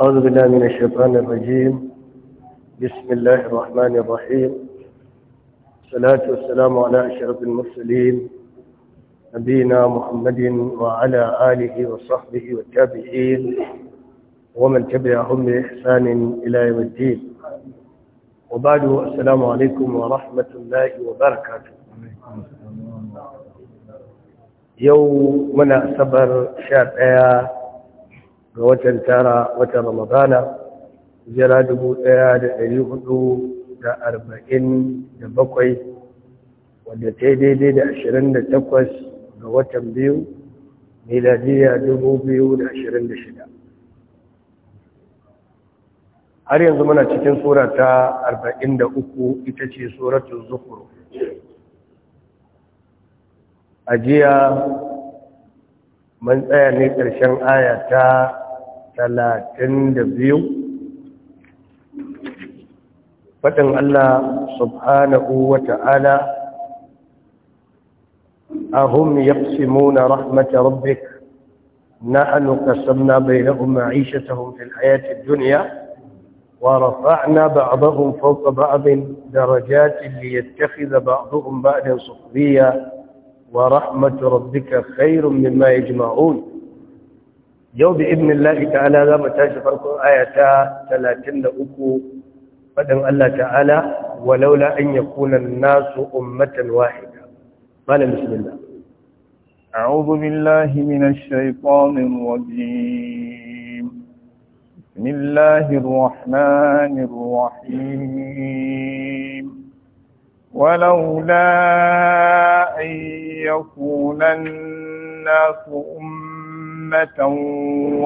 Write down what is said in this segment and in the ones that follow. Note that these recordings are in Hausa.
أعوذ بالله من الشيطان الرجيم بسم الله الرحمن الرحيم الصلاة والسلام على أشرف المرسلين نبينا محمد وعلى آله وصحبه والتابعين ومن تبعهم بإحسان إلى يوم الدين وبعد السلام عليكم ورحمة الله وبركاته yau muna asabar sha ɗaya ga watan tara wata ramadana jira dubu ɗaya da ɗari hudu da arba'in da bakwai wadda ta yi daidai da ashirin da takwas ga watan biyu miladiya dubu biyu da ashirin da shida har yanzu muna cikin sura ta arba'in da uku ita ce suratun zukuru a jiya man tsaya ne ƙarshen aya ta talatin da biyu faɗin Allah subhanahu wa ta'ala ahum yaqsimuna rahmata rabbik nahnu qasamna bainahum ma'ishatahum fil hayati ad-dunya ورفعنا بعضهم فوق بعض درجات ليتخذ بعضهم بعدا سخريا ورحمة ربك خير مما يجمعون yau da ibn Allah ta'ala za mu tashi farkon da uku fadin Allah ta'ala walaula an yakuna nasu ummatan wahida qala bismillah a'udhu billahi minash shaitanir rajim bismillahir rahmanir rahim ولولا أن يكون الناس أمة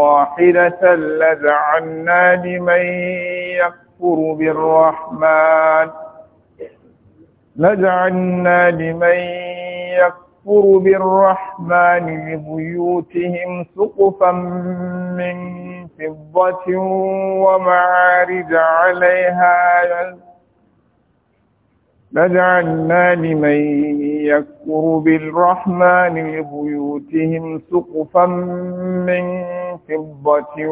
واحدة لجعلنا لمن يكفر بالرحمن لجعلنا لمن يكفر بالرحمن لبيوتهم سقفا من فضة ومعارج عليها يزرعون فجعلنا لمن يكفر بالرحمن لبيوتهم سقفا من فضة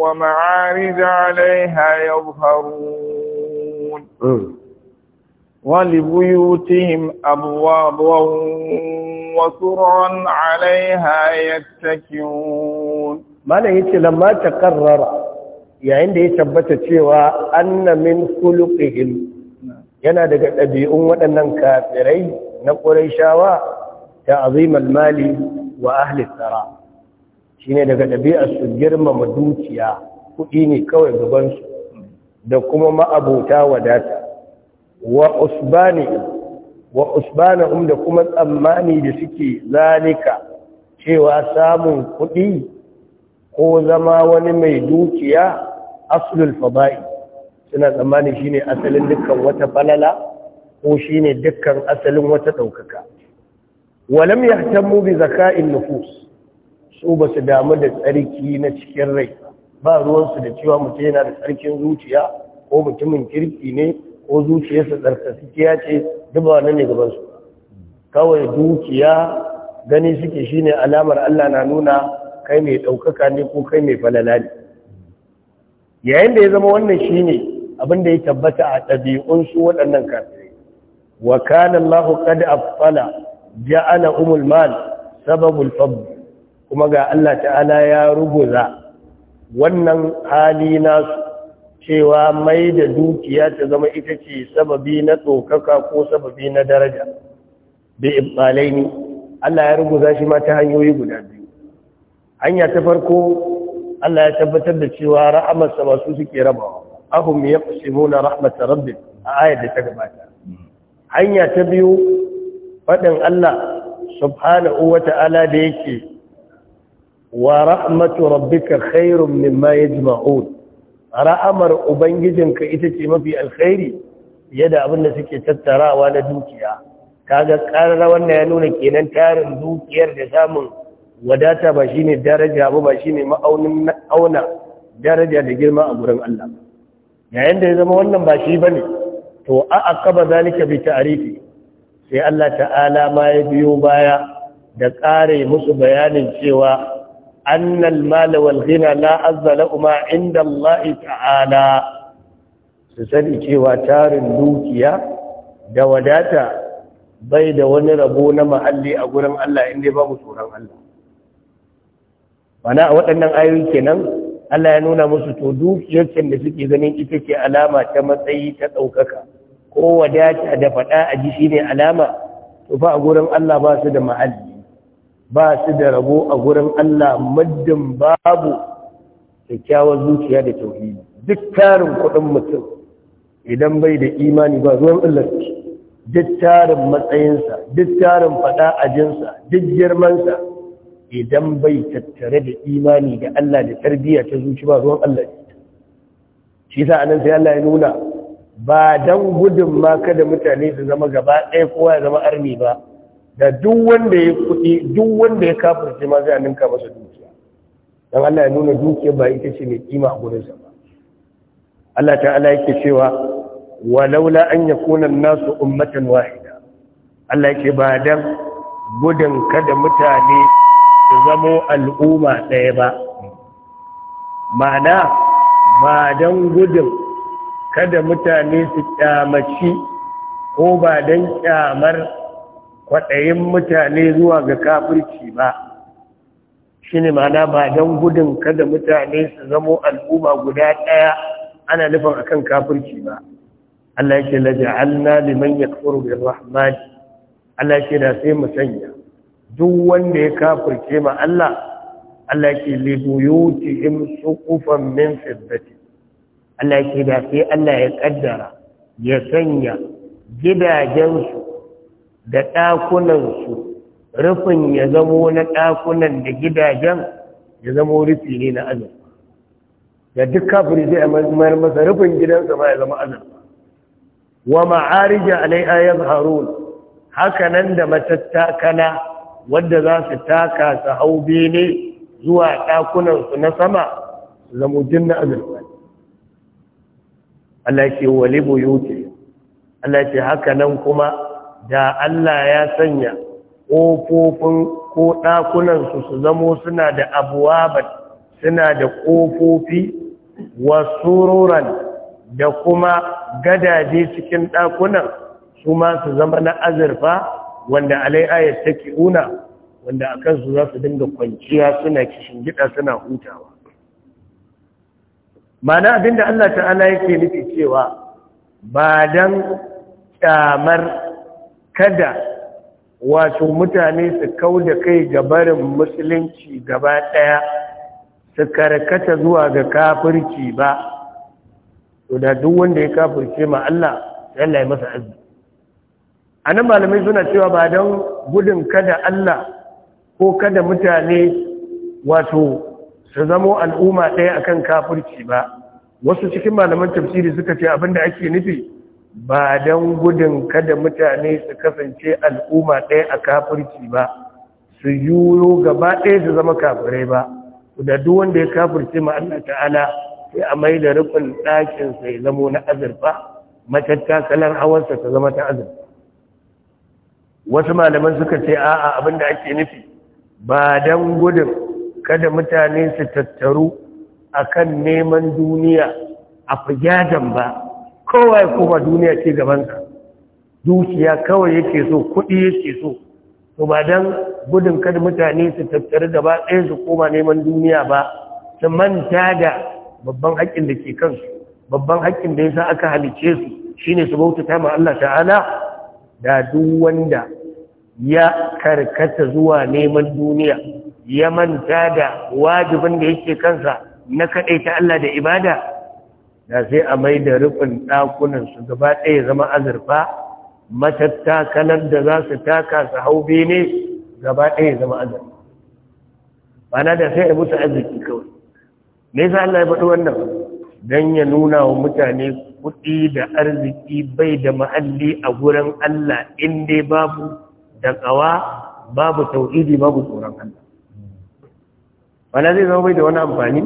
ومعارج عليها يظهرون ولبيوتهم أبوابا وسرعا عليها يتكئون ما نهيتي لما تقرر يعني ثبتت فيها أن من خلقهم yana daga ɗabi'un waɗannan kafirai na ƙurayshawa ta azimar mali wa ahli tsara shi ne daga ɗabi'ar su girmama dukiya kuɗi ne kawai gabansu da kuma ma'abota wadata wa usbani wa um da kuma tsammani da suke zalika cewa samun kuɗi ko zama wani mai dukiya aslul faba'i suna tsammanin shine asalin dukkan wata falala ko shine dukkan asalin wata ɗaukaka walam yahtammu bi zaka'in nufus su ba su damu da tsarki na cikin rai ba ruwansu da cewa mutum yana da tsarkin zuciya ko mutumin kirki ne ko zuciyarsa tsarkasikiya ce duba ba ne gabansu kawai dukiya gani suke shine alamar Allah na nuna kai mai ɗaukaka ne ko kai mai falala ne yayin da ya zama wannan shine abinda ya tabbata a ɗabi'un su waɗannan kafirai wa kana Allahu qad afala ja'ala umul mal sababul fadl kuma ga Allah ta'ala ya ruguza wannan hali nasu cewa mai da dukiya ta zama ita ce sababi na tsokaka ko sababi na daraja bi ibalaini Allah ya ruguza shi ma ta hanyoyi guda biyu hanya ta farko Allah ya tabbatar da cewa ra'amarsa ba su suke rabawa ahum na rahmat rabbik a ayar da ta gabata hanya ta biyu faɗin Allah subhanahu wa ta'ala da yake wa rahmatu rabbika khairum mimma yajma'un ra'amar ubangijinka ita ce mafi alkhairi fiye da abin da suke tattarawa na dukiya kaga karar wannan ya nuna kenan tarin dukiyar da samun wadata ba shine daraja ba ba shine ma'aunin auna daraja da girma a gurin Allah yayin da ya zama wannan ba shi ba ne, to a akaba zalika bi tarihi. sai Allah ta'ala ma ya biyo baya da ƙare musu bayanin cewa annal mala wal ghina la inda Allah ta'ala su sani cewa tarin dukiya da wadata bai da wani rabo na mahalli a gurin Allah inda babu tsoron Allah wana a waɗannan ayoyi kenan Allah ya nuna musu to dukiyar da suke ganin ita ce alama ta matsayi ta ɗaukaka ko wadata da faɗa a ji shine alama to fa a gurin Allah ba su da ma'alli ba su da rabo a gurin Allah muddin babu kyakkyawar zuciya da tauhidi duk tarin kuɗin mutum idan bai da imani ba zuwan Allah duk tarin matsayinsa duk tarin faɗa jinsa duk girmansa idan bai tattare da imani da Allah da tarbiyya ta zuci ba ruwan Allah shi yasa anan sai Allah ya nuna ba dan gudun ma kada mutane su zama gaba ɗaya kowa ya zama armi ba da duk wanda ya kuɗi duk wanda ya kafirce ma zai ninka masa dukiya dan Allah ya nuna dukiya ba ita ce mai kima a sa ba Allah ta'ala yake cewa walaula an yakuna an-nasu ummatan wahida Allah yake ba dan gudun kada mutane su zamo al'umma ɗaya ba ma'ana ba don gudun kada mutane su ƙyamaci ko ba don ƙyamar kwaɗayin mutane zuwa ga kafirci ba shi ne ma'ana ba don gudun kada mutane su zamo al'umma guda ɗaya ana nufin akan kafirci ba Allah yake laja'alna liman yakfuru bir rahman Allah yake da sai mu sanya duk wanda ya kafirce ma Allah Allah ke libuyuti im suqufan min fiddati Allah ke da sai Allah ya kaddara ya sanya gidajensu da ɗakunansu rufin ya zamo na ɗakunan da gidajen ya zamo rufi ne na azurfa da duk kafiri zai a masa rufin gidansa ma ya zama azurfa wa ma'arija alaiha ya zaharun haka nan da matattakala wadda za su taka su hau bene zuwa ɗakunansu na sama su zamo jinna azurfa Allah ke wale buyuti Allah ke haka nan kuma da Allah ya sanya ƙofofin ko ɗakunansu su zamo suna da abuwabat suna da ƙofofi wasururan da kuma gadaje cikin ɗakunan su ma su zama na azurfa wanda alai ayat take una wanda a kansu za su dinga kwanciya suna kishin gida suna hutawa mana abinda Allah ta'ala yake nufi cewa ba dan kyamar kada wato mutane su kau da kai barin musulunci gaba ɗaya su karkata zuwa ga kafirci ba to da duk wanda ya kafirce ma Allah sai Allah ya masa azumi a nan malamai suna cewa ba don gudun kada Allah ko kada mutane wato su zamo al'umma ɗaya akan kafirci ba wasu cikin malaman tafsiri suka ce abinda ake nufi ba don gudun kada mutane su kasance al'umma ɗaya a kafirci ba su yiwu gaba ɗaya su zama kafirai ba da duk wanda ya kafirce ma ta'ala sai a mai da rufin ɗakin sai zamo na azurfa matattakalar hawansa ta zama ta azurfa wasu malaman suka ce a'a abinda ake nufi ba don gudun kada mutane su tattaru akan neman duniya a fujajen ba kowa ya duniya ce ka. dukiya kawai yake so kuɗi yake so to ba don gudun kada mutane su tattaru gaba ɗaya su koma neman duniya ba su manta da babban haƙƙin da ke kansu babban haƙƙin da ya sa aka halice su shine su bauta ta ma Allah ta'ala da duk wanda ya karkata zuwa neman duniya ya manta da wajibin da yake kansa na ta Allah da ibada da sai a mai da rufin su gaba ɗaya zama azurfa matattakalar da za su taka su hau bene gaba ɗaya zama azurfa bana da sai a musu arziki kawai me yasa Allah ya faɗi wannan Dan ya nuna wa mutane kuɗi da arziki bai da ma'alli a gurin Allah inda babu babu daƙawa babu tauhidi babu tsoron Allah wala zai zama bai da wani amfani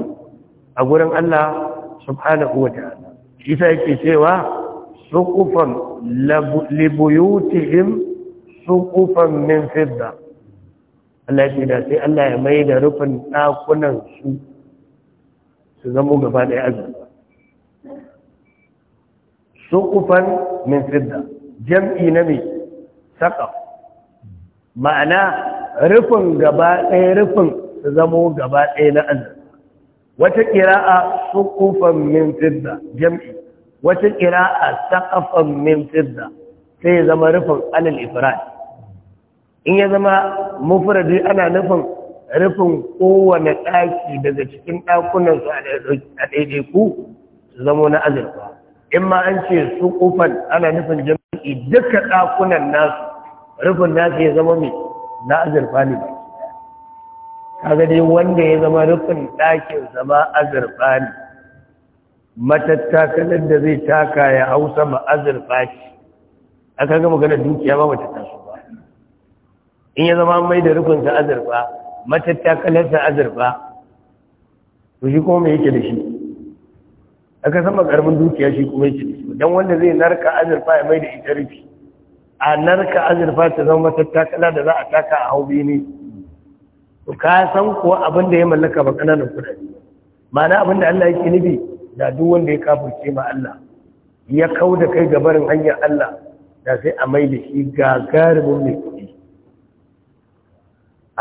a gurin Allah subhanahu wa ta'ala isa yake cewa suqufan libuyutihim suqufan min fidda Allah ya da sai Allah ya mai da rufin ɗakunan su su zama gaba ɗaya azumi suƙufan min fidda jam'i na mai saƙa ma'ana rufin gaba ɗaya rufin su zamo gaba ɗaya na azar wata ƙira'a suƙufan min fidda jam'i wata ƙira'a saƙafan min fidda sai ya zama rufin alal ifrat in ya zama mufradi ana nufin rufin kowane ɗaki daga cikin ɗakunan su a ɗaiɗaiku su zamo na azurfa in ma an ce su kufan ana nufin jami'i duka ɗakunan nasu rufin nasu ya zama mai na azurfa ne ba dai wanda ya zama rufin ɗakin zama azurfa ne matattakalar da zai taka ya hau sama azurfa ce aka ga magana dukiya ba mata tasu ba in ya zama mai da rufinsa azurfa matattakalarsa azurfa to shi kuma mai yake da shi aka sama karamin dukiya shi kuma yake dan wanda zai narka azurfa ya mai da ita rufi a narka azurfa ta zama matattakala da za a taka a hau ne to ka san kuwa abin da ya mallaka ba kananan kudade ma'ana abin da Allah yake nufi da duk wanda ya kafirce ma Allah ya kau da kai gabarin hanyar Allah da sai a mai da shi gagarumin mai kuɗi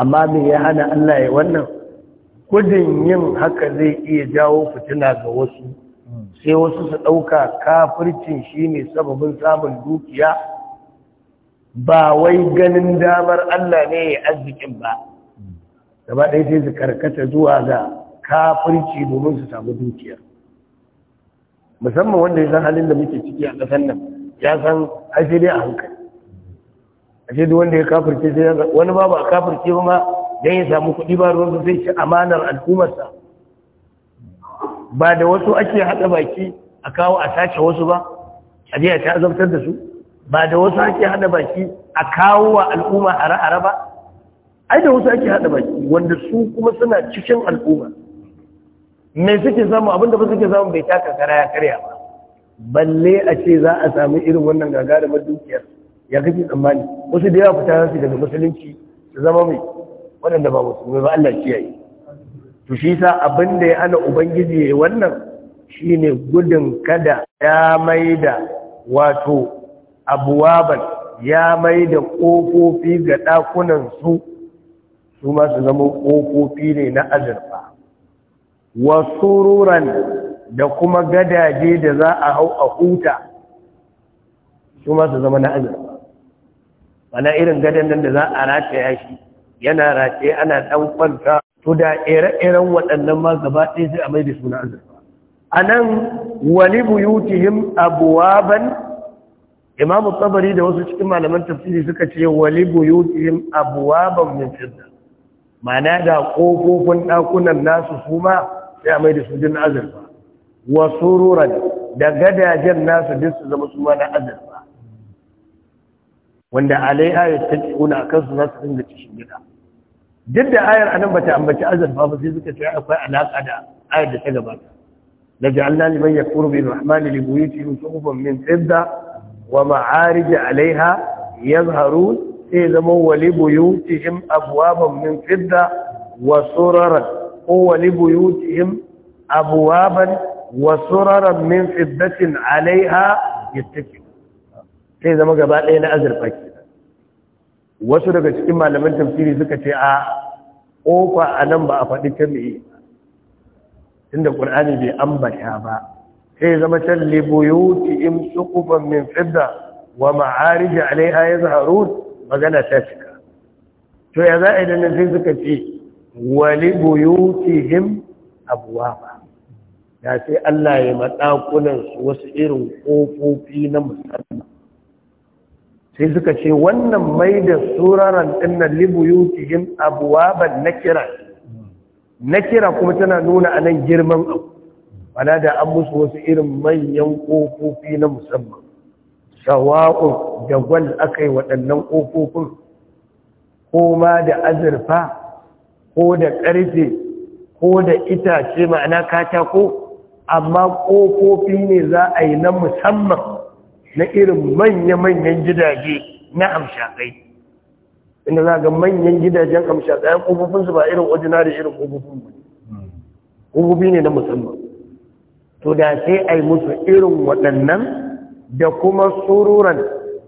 amma me ya hana Allah ya wannan Kudin yin haka zai iya jawo fitina ga wasu sai wasu su ɗauka kafircin shi ne sababin samun dukiya ba wai ganin damar Allah ne ya arzikin ba gaba ɗaya sai su karkata zuwa ga kafirci domin su samu dukiya musamman wanda ya san halin da muke ciki a ƙasar nan ya san ashe ne a hankali ashe duk wanda ya kafirce sai ya wani babu a kafirce ba ma don ya samu kuɗi ba ruwan sai shi amanar al'ummarsa ba da wasu ake haɗa baki a kawo a sace wasu ba a jiya ta azabtar da su ba da wasu ake haɗa baki a kawo wa al'umma a ra'ara ba ai da wasu ake haɗa baki wanda su kuma suna cikin al'umma me suke samu abinda ba suke samu bai taka kara ya karya ba balle a ce za a sami irin wannan gagarumar dukiyar ya kake tsammani wasu da yawa fita za su daga musulunci su zama mai waɗanda ba musulmi ba Allah kiyaye to shi sa abin da ya ana ubangiji ya wannan shine gudun kada ya maida wato abuwaban ya maida ƙofofi ga ɗakunan su su masu zama ƙofofi ne na azurfa wasu ruran da kuma gadaje da za a hau a huta su masu zama na azurfa bana irin gadon nan da za a rataya shi yana rataye ana ɗan kwanta to da ire-iren waɗannan ma gaba ɗaya sai a mai da suna azurfa a nan wani buyutihim abuwaban imamu tsabari da wasu cikin malaman tafsiri suka ce wani buyutihim abuwaban min fidda mana da ƙofofin ɗakunan nasu su ma sai a mai da su din azurfa wasu ruran da gadajen nasu duk su zama su ma na azurfa wanda alaiha ya tafi una kansu za su dinga cikin gida duk da ayar anan bata ambaci azurfa ba sai suka ce akwai alaƙa da ayar da ta gabata la ja'alna liman yakfuru bi rahman li buyutihim suhufan min fidda wa ma'arij 'alayha yazharun sai zama wa li buyutihim abwaban min fidda wa suraran ko wa li buyutihim abwaban wa suraran min fiddatin 'alayha yattaki sai zama gaba ɗaya na azurfa wasu daga cikin malaman tafsiri suka ce a kofa a nan ba a faɗi tabi'i tunda qur'ani bai ambata ba sai zama can libuyuti in suqufan min fidda wa ma'arij alaiha yazharun magana ta cika to ya za a idan sai suka ce wa abuwa ba? Ya sai Allah ya matakunan wasu irin ƙofofi na musamman sai suka ce wannan mai da suraran dinnan na kira na kira kuma tana nuna anan girman abu ana da an musu wasu irin manyan ƙofofi na musamman sawa'un da gwal aka yi waɗannan ƙofofin? ko ma da azurfa ko da ƙarfe ko da itace ma'ana katako amma ƙofofi ne za a yi na musamman na irin manya-manyan gidaje na amshakai inda za ga manyan gidajen amshakai ƙofofinsu ba irin ordinary irin ƙofofin ba ƙofofi ne na musamman to da sai a yi musu irin waɗannan da kuma sururan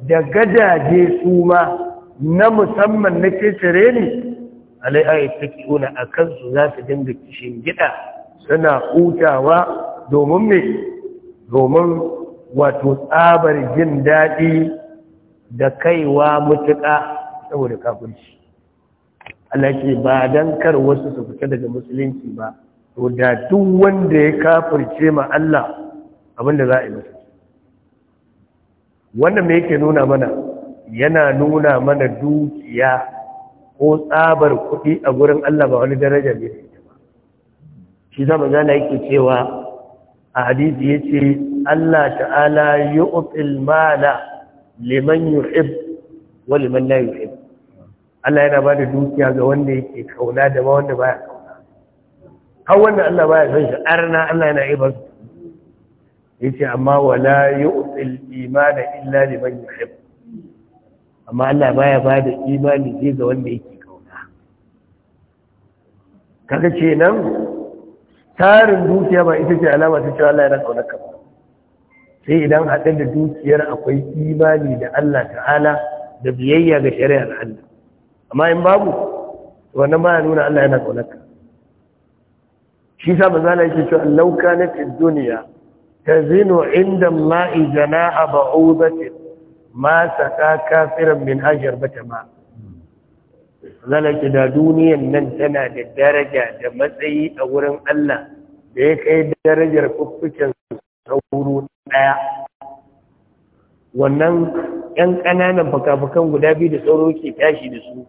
da gadaje su ma na musamman na kekere ne alai'ayi ta ƙi'una a kansu za su dinga kishin gida suna hutawa domin mai domin wato tsabar jin daɗi da kaiwa mutuƙa saboda kafinci. Allah ce ba don kar wasu su fita daga musulunci ba to da duk wanda ya kafirce ma Allah abinda za a yi mutu. wannan me yake nuna mana yana nuna mana dukiya ko tsabar kuɗi a gurin Allah ba wani daraja ne shi zama zana yake cewa a hadisi ya ce Allah ta'ala yi uƙil mala liman yuhib wa liman la yuhib Allah yana ba da dukiya ga wanda yake kauna da ba wanda baya kauna har wanda Allah baya son shi arna Allah yana yi ba yace amma wala yu'til imana illa liman yuhib amma Allah baya ba da imani ga wanda yake kauna kaga ce nan tarin dukiya ba ita ce alama ta cewa Allah yana kaunar ba. sai idan haɗe da dukiyar akwai imani da Allah ta'ala da biyayya ga shari'ar Allah amma in babu wannan ba nuna Allah yana kaunar shi sa bazala yake cewa na kanat duniya ta zino inda ba'u ba ce ma ta kafiran min ta batama zalaki da duniyan nan tana da daraja da matsayi a wurin Allah da ya kai darajar kuffucin sauro ɗaya wannan 'yan ƙananan fakafakan guda biyu da sauro ke tashi da su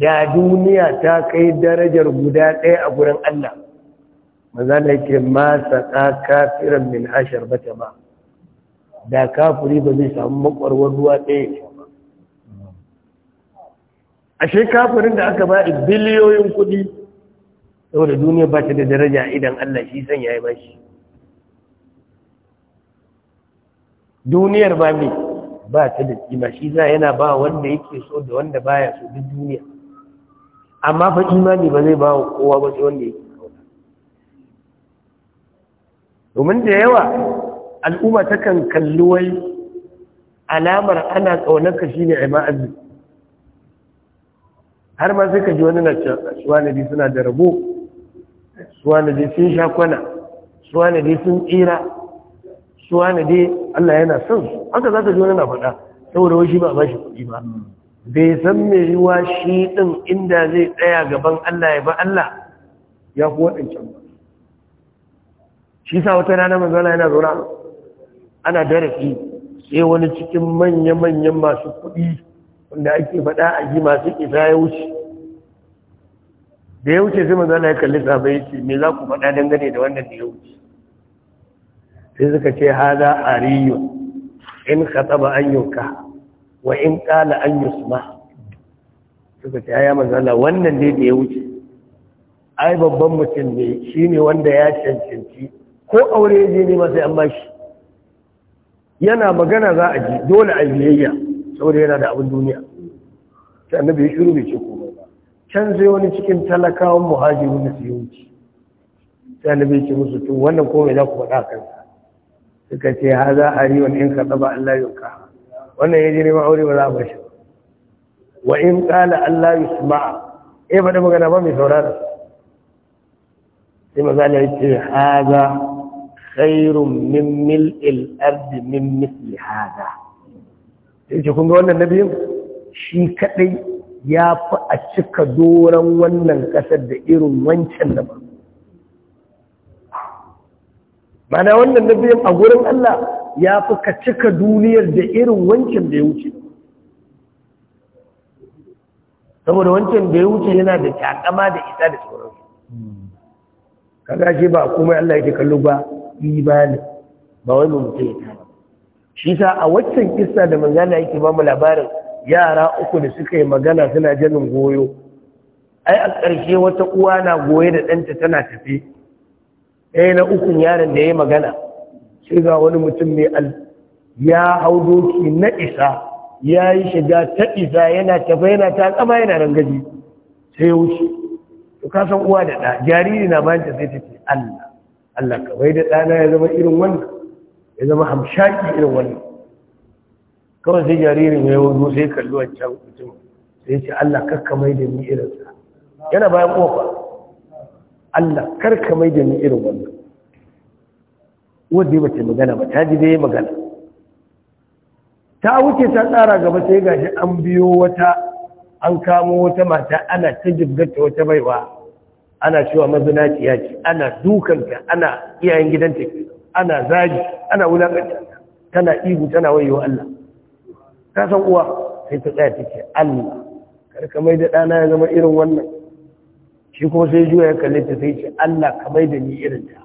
da duniya ta kai darajar guda ɗaya a gurin Allah maza da yake masa ɗa kafiran min ashar bata ba da kafuri ba zai samu makwarwar ruwa ɗaya ashe kafirin da aka ba'i biliyoyin kuɗi saboda duniya ba ta da daraja idan Allah shi san ya yi bashi duniyar ba mai ba ta da kima shi za yana ba wanda yake so da wanda baya so duk duniya amma fa imani ba zai ba wa kowa ba sai wanda yake so. domin da yawa al'umma takan kalli wai alamar ana kaunarka shine ai a arziki har ma sai ka ji wani na suwanabi suna da rabo suwanabi sun sha kwana suwanabi sun tsira suwanabi Allah yana son su haka za ka ji wani na faɗa saboda wai shi ba ba shi kuɗi ba bai san me yiwa shi ɗin inda zai tsaya gaban Allah ya ba Allah ya fi waɗancan ba shi sa wata rana manzana yana zaura ana darasi sai wani cikin manya-manyan masu kuɗi wanda ake faɗa a ji masu isa ya wuce da ya wuce sai zana ya kalli sabai ce me za ku faɗa dangane da wannan da ya wuce sai suka ce haza a riyu in ka taba an yunka wa in ƙala an yusma suka ce ya manzana wannan dai da ya wuce ai babban mutum ne shi ne wanda ya cancanci ko aure je ne ma sai an bashi yana magana za a ji dole a biyayya saboda yana da abin duniya sai annabi ya shiru bai ce komai ba can sai wani cikin talakawan muhajiru na su yi wuce sai annabi ya ce musu to wannan komai za ku faɗa a kansa suka ce ha za a riwan in ka tsaba Allah ya ka wannan ya ji neman aure ba za a bashi wa in qala Allah yusma'a eh faɗa magana ba mai saurara sai maza ya ce haza khairun min mil'il ardi min misli haza sai ce kun ga wannan nabiyin shi kadai ya fi a cika doron wannan kasar da irin wancan da ba mana wannan nabiyin a gurin Allah ya fi ka cika duniyar da irin wancan da ya wuce saboda wancan da ya wuce yana da takama da isa da sauransu kaga shi ba komai Allah yake kallo ba imani ba wani mutum ya ba. shi sa a waccan kista da manzana yake ba mu labarin yara uku da suka yi magana suna janin goyo ai a ƙarshe wata uwa na goye da ɗanta tana tafi ɗaya na ukun yaron da ya yi magana sai ga wani mutum mai al ya hau doki na isa ya yi shiga ta isa yana tafa yana ta kama yana rangaji sai wuce to ka san uwa da ɗa jariri na bayan ta sai ta Allah Allah kawai da ɗana ya zama irin wannan ya zama hamshaki irin wani kawai sai jaririn ya yi sai a can mutum sai ce Allah karka mai da ni irinsa yana bayan kofa Allah karka mai da ni irin wannan wadda ya bace magana ba ta ji dai magana ta wuce ta tsara gaba sai gashi an biyo wata an kamo wata mata ana ta jibgata wata baiwa ana cewa mazinaciya ce ana dukanta ana iyayen gidanta ke ana zagi ana wulakanta tana ihu tana wayewa Allah ta san uwa sai ta tsaya take Allah kar ka mai da ɗana ya zama irin wannan shi kuma sai juya ya kalle ta sai ce Allah ka mai da ni irin ta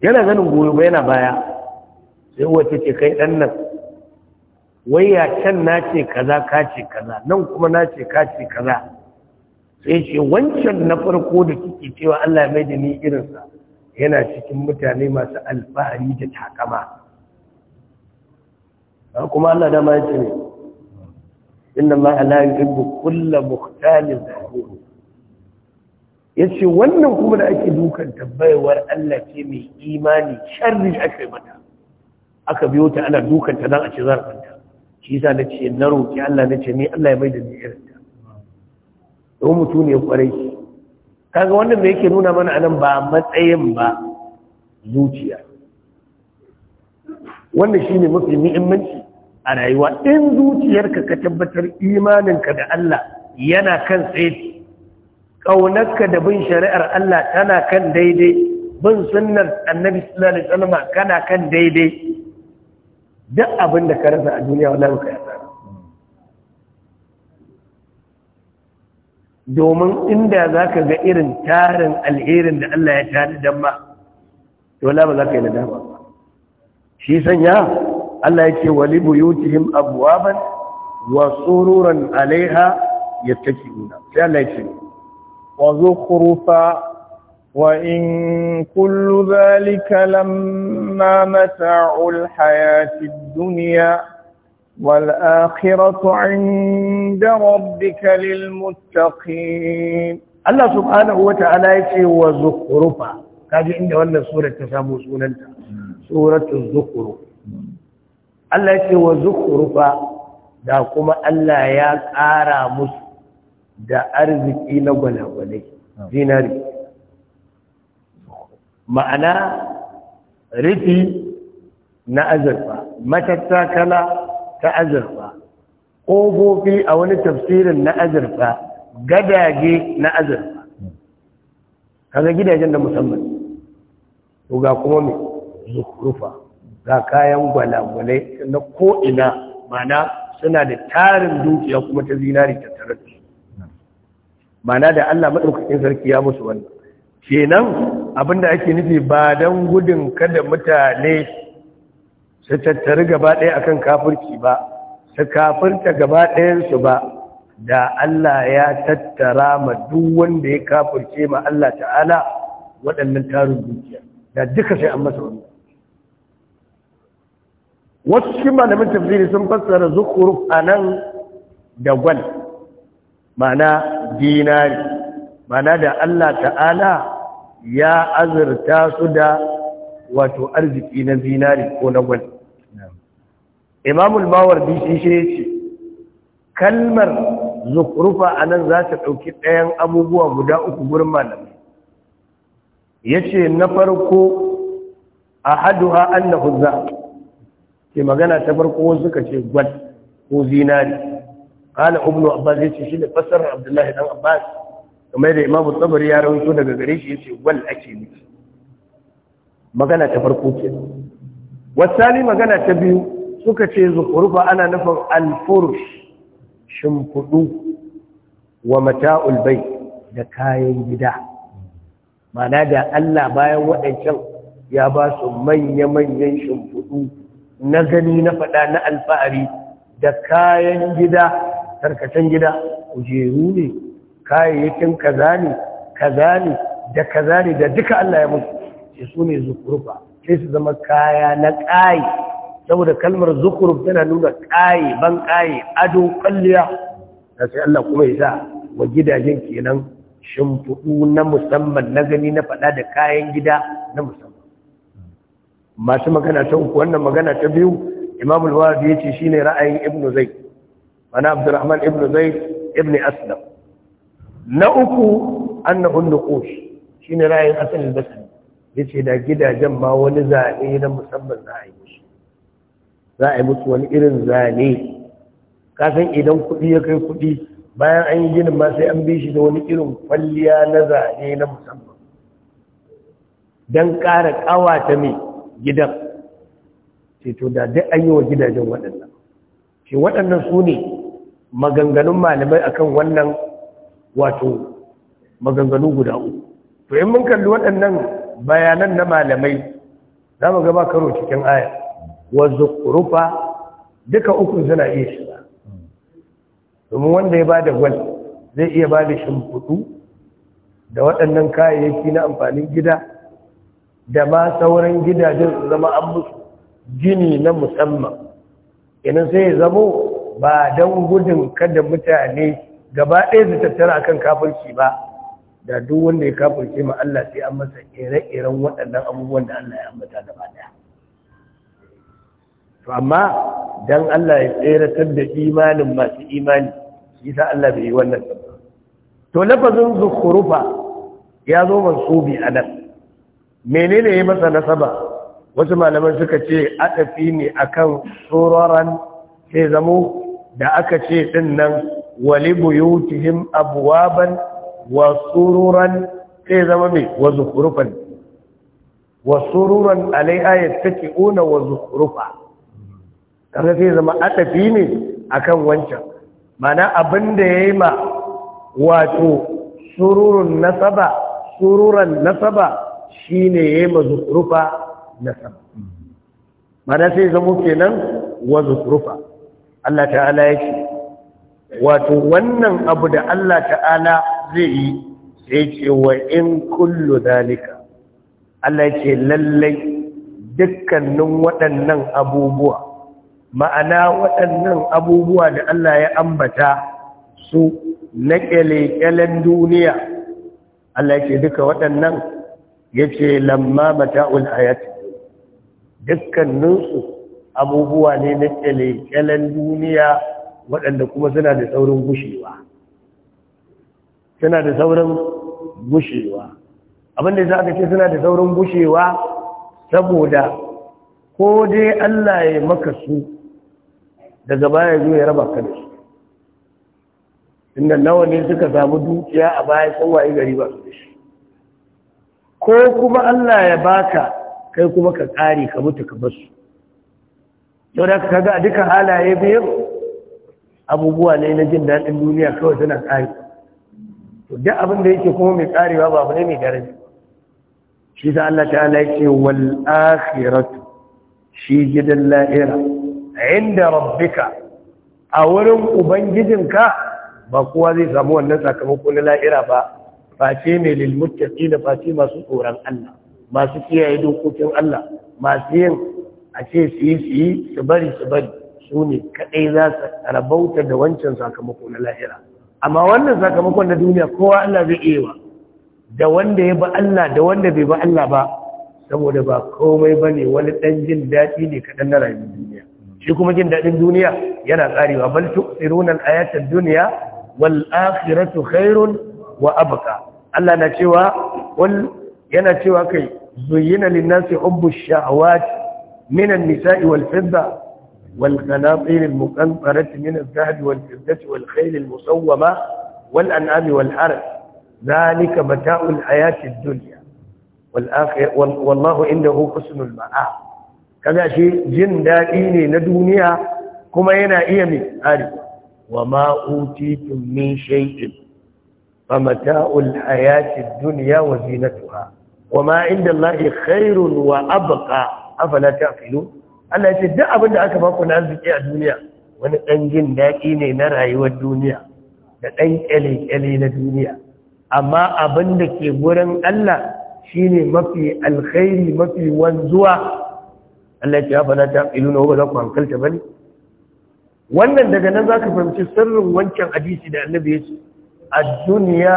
yana ganin goyo ba yana baya sai uwa ta ce kai ɗan nan wai ya can na ce kaza ka ce kaza nan kuma na ce ka ce kaza sai ce wancan na farko da kike cewa Allah mai da ni irinsa yana cikin mutane masu alfahari da takama kuma Allah dama ya ce ne inna Allah la yuhibbu kulla mukhtalin Ya ce wannan kuma da ake dukan tabbayewar Allah ce mai imani sharri aka yi mata aka biyo ta ana dukan ta dan a ce zarfanta shi yasa nace na roƙi Allah na ce ni Allah ya bai da ni irin ta don mutu ne kwarai kaga wannan da yake nuna mana anan ba matsayin ba zuciya wannan shine mafi muhimmanci a rayuwa in zuciyarka ka tabbatar imaninka da Allah yana kan tsaye ƙaunarka da bin shari'ar Allah tana kan daidai bin sunnar annabi sallallahu alaihi wasallam kana kan daidai duk abin da ka rasa a duniya wallahi ka domin inda za ka ga irin tarin alherin da Allah ya tari don ma dole ba za ka yi nadama shi sanya Allah ya ce wali buyutihim abwaban wa sururan alaiha yattaqiuna sai Allah ya ce wa wa in كل ذلك لما متاع الحياة duniya? والآخرة عند ربك للمتقين الله سبحانه وتعالى يتي وزخرفة كاجي عند ولا سورة تسامو سورة سورة الزخرف الله يتي وزخرفة da kuma Allah ya ƙara musu da arziki na gwalagwalai zinari ma'ana rufi na azurfa matattakala ta azurfa ƙofofi a wani tafsirin na azurfa gadage na azurfa kaga gidajen da musamman to ga kuma mai zukurufa ga kayan gwalagwale na ko'ina mana suna da tarin dukiya kuma ta zinari ta tarafi mana da allah maɗaukakin sarki ya musu wannan kenan abinda ake nufi ba don gudun kada mutane su tattari gaba ɗaya akan kafirci ba su kafirta gaba ɗayansu ba da Allah ya tattara ma duk wanda ya kafirce ma Allah ta'ala waɗannan tarin dukiya da duka sai an masa wani wasu shi malamin tafsiri sun fassara zukuru a nan da gwal mana dinari mana da Allah ta'ala ya azurta su da wato arziki na zinari ko na gwal imamul mawardi shi shi ce kalmar a nan za ta ɗauki ɗayan abubuwa guda uku gurin malamai ce na farko a an na za ke magana ta farko suka ce gwal ko zinari qala ubnu abbas ce shi da fassarar abdullahi dan abbas kamar da imamu tsabari ya rawuto daga gare shi ya ce gwal ake nufi magana ta farko ce wasali magana ta biyu suka ce zuhurufa ana nufin alfurush shimfudu wa mata'ul bai da kayan gida mana da Allah bayan waɗancan ya ba su manya-manyan shimfudu na gani na faɗa na alfahari da kayan gida tarkacen gida kujeru ne kayayyakin kaza ne kaza ne da kaza ne da duka Allah ya mutu ce su ne zukurufa sai su zama kaya na ƙayi saboda kalmar zukuruf tana nuna ƙayi ban ƙayi ado kwalliya da sai Allah kuma ya sa wa gidajen kenan shimfiɗu na musamman na gani na faɗa da kayan gida na musamman masu magana ta uku wannan magana ta biyu imam al-wahdi yace shine ra'ayin ibnu zayd mana abdurrahman ibnu zayd ibnu aslam na uku annahu an-nuqush shine ra'ayin asal al-basri ya ce da gidajen ma wani zane na musamman za a yi musu za a yi musu wani irin zane kasan idan kuɗi ya kai kuɗi bayan an yi ginin ma sai an bi shi da wani irin kwalliya na zane na musamman don ƙara ƙawata mai gidan ceto da duk an yi wa gidajen waɗannan shi waɗannan su ne maganganun malamai akan wannan wato maganganu guda uku to yin mun kalli waɗannan bayanan na malamai za mu gaba karo cikin aya wa rufa duka uku suna iya shiga domin wanda ya bada gwal zai iya ba da shimfudu da waɗannan kayayyaki na amfanin gida da ma sauran gidajen su zama an musu gini na musamman inan sai ya zamo ba don gudun kada mutane gaba ɗaya su tattara akan shi ba da duk wanda ya kafirce ma Allah sai an masa ire-iren waɗannan abubuwan da Allah ya ambata ba daya to amma dan Allah ya tseratar da imanin masu imani shi sa Allah bai yi wannan to lafazin zukhrufa ya zo mansubi a nan menene ya masa nasaba wasu malaman suka ce atafi ne akan tsororan sai zamo da aka ce din nan wali buyutihim abwaban wa sururan sai zama mai wa zukurufan wa sururan ya take una wa zukurufa kaga sai zama atafi ne akan wancan mana abin da ya yi ma wato sururun nasaba sururan nasaba shine ya yi ma zukurufa nasaba mana sai zama kenan wa zukurufa Allah ta'ala ya ce wato wannan abu da Allah ta'ala zai yi sai ce wa in kullu dalika Allah ce lallai dukkanin waɗannan abubuwa ma'ana waɗannan abubuwa da Allah ya ambata su na ƙyale-ƙyalen duniya Allah ce duka waɗannan ya ce lamma mata'ul hayat dukkaninsu abubuwa ne na ƙyale-ƙyalen duniya waɗanda kuma suna da saurin gushewa suna da sauran gushewa abinda za ka ce suna da saurin gushewa saboda ko dai Allah ya maka su daga baya zuwa ya raba ka da su inda nawa ne suka samu dukiya a baya sun gari ba su da shi ko kuma Allah ya baka kai kuma ka kare ka mutu ka basu yau da kaga ga duka halaye biyu abubuwa ne na jin daɗin duniya kawai suna kare duk abin da yake kuma mai karewa ba abu ne mai daraja shi da Allah ala yake wal akhirat shi gidan la'ira inda rabbika a wurin ubangijinka ba kowa zai samu wannan sakamako na la'ira ba face mai lilmuttaqi da face masu tsoron Allah masu kiyaye dokokin Allah masu yin a ce su yi su bari su bari su ne kaɗai za su rabauta da wancan sakamako na la'ira amma wannan sakamakon na duniya kowa Allah zai iya wa da wanda ya ba Allah da wanda bai ba Allah ba saboda ba komai ba ne wani ɗan jin daɗi ne kaɗan na rayuwar duniya shi kuma jin daɗin duniya yana ƙarewa bal tuqsiruna al-ayatal duniya wal akhiratu khairun wa abqa Allah na cewa wal yana cewa kai zuyina lin-nasi hubbu shahawat min nisai wal-fidda والقناطير المقنطرة من الذهب والفردة والخيل المصومة والأنعام والحرب ذلك متاع الحياة الدنيا والآخر والله عنده حسن الماء كذا شيء جن دائيني ندونيا كما ينا إيمي أري وما أوتيتم من شيء فمتاع الحياة الدنيا وزينتها وما عند الله خير وأبقى أفلا تأكلون Allah ya ce duk abin da aka baku na arziki a duniya wani ɗan jin daɗi ne na rayuwar duniya da ɗan ƙyale-ƙyale na duniya amma abin da ke gurin Allah shine mafi alkhairi mafi wanzuwa Allah ya fada ta iluna ba za ku hankalta ne? wannan daga nan za ka fahimci sirrin wancan hadisi da Annabi ya ce ad-dunya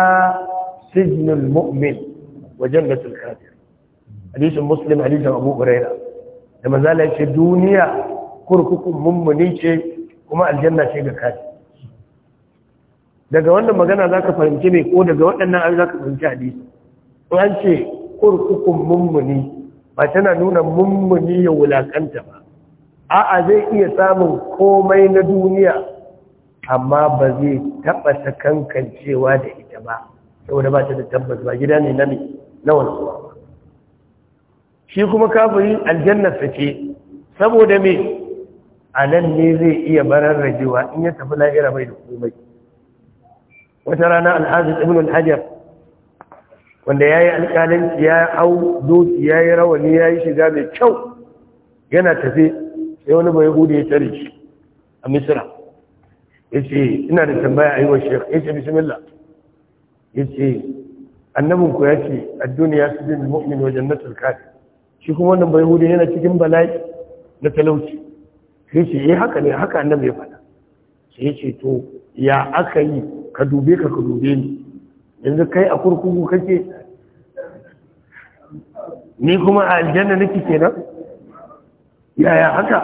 sijnul mu'min wa jannatul kafir hadisin Muslim hadisin Abu Hurairah da manzala ce duniya kurkukun mummuni ce kuma aljanna ce ga kaji daga wannan magana za ka fahimci mai ko daga waɗannan abin za ka fahimci hadisi in an ce kurkukun mummuni ba tana nuna mummuni ya wulakanta ba a'a zai iya samun komai na duniya amma ba zai taɓa sakankancewa da ita ba saboda ba ta da tabbas ba gida ne na ne na ba shi kuma kafiri aljannarsa ce saboda me a nan ne zai iya barar rajewa in ya tafi la'ira mai da komai wata rana al'azin ibn al-hajar wanda ya yi alƙalanci ya hau doki ya yi rawani ya yi shiga mai kyau yana tafe sai wani bai hudu ya tare shi a misira ya ce ina da tambaya a yi wa shek ya ce bismillah ya ce annabinku ya ce a duniya su bin mu'min wajen nasar kafin shi kuma wannan bai hudu yana cikin bala'i na talauci shi ce yi eh, haka ne haka annabi ya faɗa sai ce to ya aka yi ka dube ka ka dube ni yanzu kai a kurkuku kake ni kuma a aljanna nake kenan yaya haka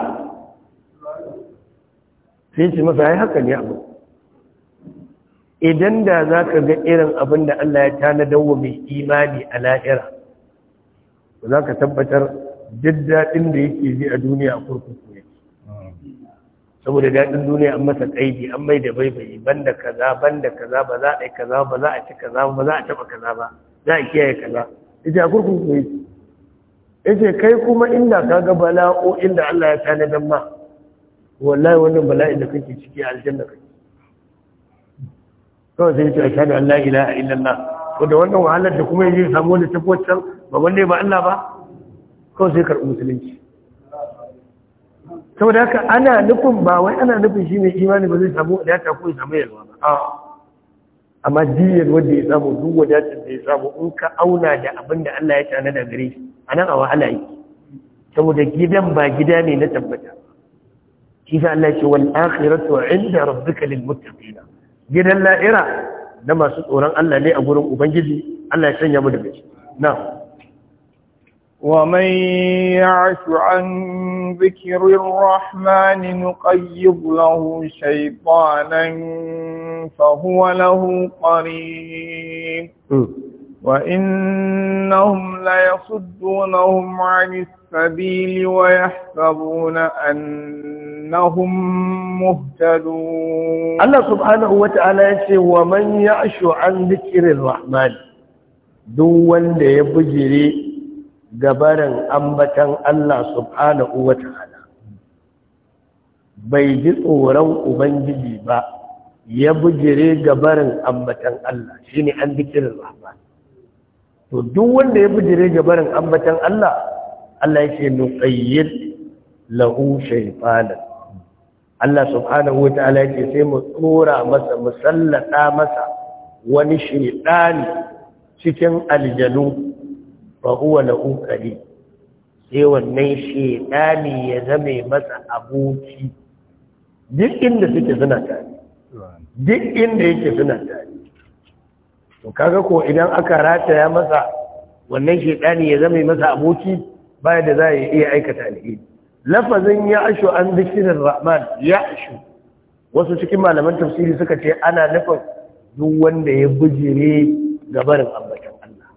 sai ce masa ya haka ne abu idan da za ka ga irin abin da Allah ya tanadar wa mai imani a la'ira za ka tabbatar daɗin da yake ji a duniya a kurkuku ne saboda daɗin duniya an masa ƙa'ibi, an mai da baibayi da kaza da kaza ba za a yi kaza ba za a ci kaza ba za a taɓa kaza ba za a kiyaye kaza ita a kurkuku ne ce kai kuma inda ka ga bala'o'in da Allah ya tanadar ma wallahi wannan bala'in da kake ciki aljanna kake kawai sai ya ce Allah an la ilaha illallah da wannan wahalar da kuma yaje samu wani tabbacin ba ne ba Allah ba kawai sai karɓi musulunci saboda haka ana nufin ba wai ana nufin shi mai imani ba zai samu wadata ko ya samu yalwa ba amma diyar wanda ya samu duk wadatar da ya samu in ka auna da abin da Allah ya tana na gare shi a nan a wahala yake saboda gidan ba gida ne na tabbata shi sa Allah ce wal akhiratu inda rabbika lil muttaqin gidan la'ira na masu tsoron Allah ne a gurin Ubangiji, Allah ya sanya mu da biki. Na. Wa mai ya ashu an zikirin rahmani nukayi lahu shaifanan fahuwa lahu ƙarin. Hmm. وإنهم ليصدونهم عن السبيل ويحسبون أنهم مهتدون الله سبحانه وتعالى يقول ومن يعش عن ذكر الرحمن دون يبجري gabarin ambatan Allah subhanahu wa ta'ala bai ji tsoron Ubangiji ba ya bujire gabarin ambatan Allah shi ne an zikirin Rahman to duk wanda ya bijire ga barin ambatan Allah Allah yake nuqayyid lahu shaytanan Allah subhanahu wataala yake sai mu tsora masa musallata masa wani shaytani cikin aljanu fa huwa lahu qadi sai wannan shaytani ya zame masa aboki duk inda suke suna tare duk inda yake suna tare to kaga ko idan aka rataya masa wannan shaidani ya zama masa aboki baya da za a iya aikata alheri lafazin ya ashu an dikirin rahman ya ashu wasu cikin malaman tafsiri suka ce ana nufin duk wanda ya bujire gabarin ambatan Allah